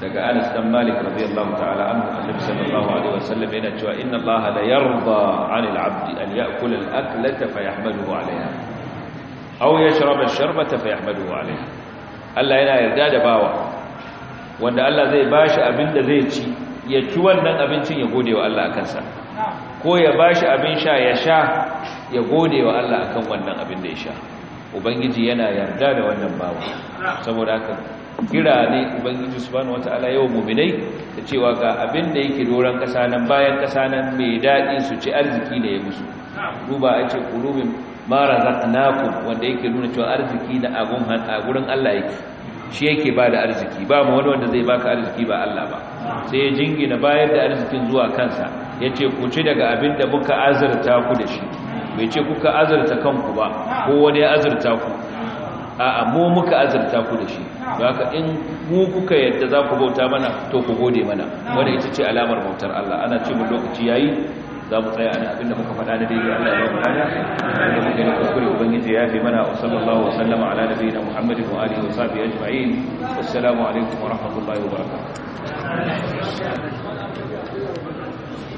daga anas dan malik radiyallahu ta'ala an annabi sallallahu alaihi wasallam yana cewa inna allah la yarda 'anil 'abdi an ya'kula al-aklata fa yahmaluhu 'alayha aw yashraba ash-sharbata fa yahmaluhu 'alayha Allah yana yarda da bawa wanda Allah zai bashi abinda zai ci ya ci wannan abincin ya gode wa Allah a kansa ko ya ba shi abin sha ya sha ya gode wa Allah a kan wannan abin da ya sha ubangiji yana yarda da wannan bawa saboda haka kira ne ubangiji subhanahu ta'ala yau mu'minai da cewa ga abin da yake doran kasa nan bayan kasa nan mai daɗi su ci arziki da ya musu duba a ce qulubin mara razaqnakum wanda yake nuna cewa arziki da agun a gurin Allah yake shi yake ba da arziki ba mu wani wanda zai baka arziki ba Allah ba sai ya jingina bayar da arzikin zuwa kansa ya ce ku ci daga abin da muka azurta ku da shi bai ce kuka azurta kanku ba ko wani ya azurta ku a'a mu muka azurta ku da shi ka in mu kuka yadda za ku bauta mana to ku gode mana wanda ita ce alamar bautar Allah ana ce mu lokaci yayi za mu tsaya a abinda muka faɗa na daidai Allah ya ba mu lada da muke da kuskure ubangiji ya fi mana wa sallallahu wa sallama ala nabiyina muhammadin wa alihi wa sahbihi ajma'in assalamu alaikum wa rahmatullahi wa barakatuh